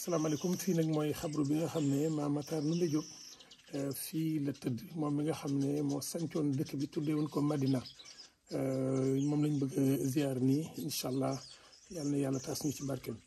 salaamaaleykum fii nag mooy xabru bi nga xam ne Maam Matar Ndoumbé Diop euh, fii la tëdd moom mi nga xam ne moo sancoon dëkk bi tuddee woon ko Madina euh, moom lañ bëgg ziar nii incha allah yal na yàlla taas ñu ci barkeem.